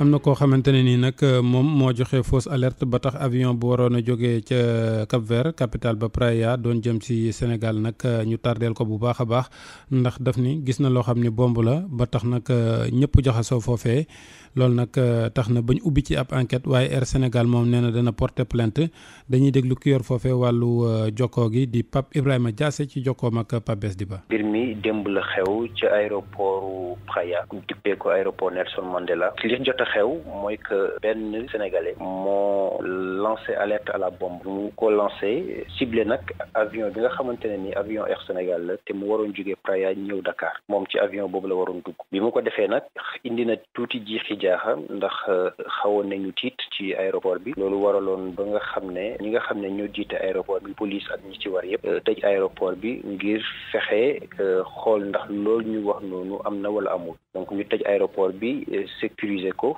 am na koo xamante ne nii nag euh, moom moo joxe fausse alerte ba tax avion bu waroon a jógee ca Cap Vert capitale ba Praia doon jëm si Sénégal nag euh, ñu tardeel ko bu baax a baax ndax daf ni gis na loo xam ni bomb la ba tax nag euh, ñëpp jaxasoo foofee loolu nag tax na bañ ubbi ci ab enquête waaye Air Sénégal moom nee na dana porte plainte dañuy déglu ki foofe foofee wàllu jokkoo gi di pap Ibrahima Diassé ci jokkoom ak Pape ba mbir mi démb la xew ci aéroport Praia. xew mooy que benn sénégalais moo lancé alerte à la bombe mu ko lancé ciblé nag avion bi nga xamante ne ni avion Air Sénégal la te mu waroon jógee Praia ñëw Dakar moom ci avion boobu la waroon dugg bi mu ko defee nag indi na tuuti jiixi jaaxa ndax euh, xawoon nañu tiit ci aéroport bi loolu waraloon ba nga xam ne ñi nga xam ne ñoo jiite aéroport bi police ak ñi ci war yëpp euh, tëj aéroport bi ngir fexe euh, xool ndax lool ñu wax noonu am na wala amul donc ñu tëj aéroport bi sécuriser ko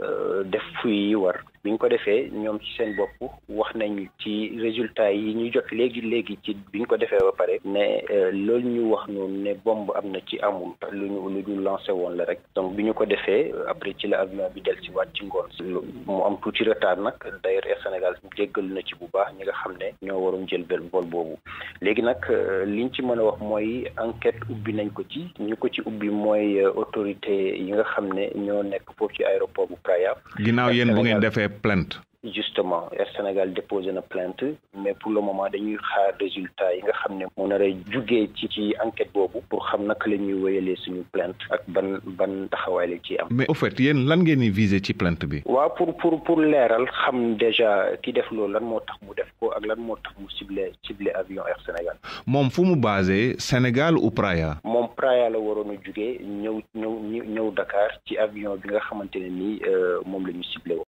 Euh, def fuy war bi ñu ko defee ñoom ci seen bopp wax nañ ci résultat yi ñu jot léegi léegi ci bi ñu ko defee ba pare ne euh, loolu ñu wax noonu ne bomb am na ci amul lu ñu lu ñu lancé woon la rek donc bi ñu ko defee après ci la avion bi del ci waat ci ngoon mu am tuuti retard nag d'ailleurs Air Sénégal jéggal na ci bu baax ñi nga xam ne ñoo waroon jël bel bol boobu léegi nag euh, liñ ci mën a wax mooy enquête ubbi nañ ko ci ñu ko ci ubbi mooy autorité yi nga xam ne ñoo nekk foofu ci aéroport prayer. ginnaaw yéen bu ngeen defee plainte. justement Air Sénégal déposé na plainte mais pour le moment dañuy xaar résultat yi nga xam ne moo nar a jugee ci ci enquête boobu pour xam naka la ñuy wéyalee suñu plainte ak ban ban taxawaay la ci am. mais au fait lan ngeen di viser ci plainte bi. waa pour pour pour leeral xam déjà ki def loolu lan moo tax mu def ko ak lan moo tax mu ciblé ciblé avion Air Sénégal. moom fu mu basé Sénégal ou Praia. moom Praia la waroon a jugee ñëw ñëw ñëw Dakar ci avion bi nga xamante ne nii euh, moom la ñu ciblé woon.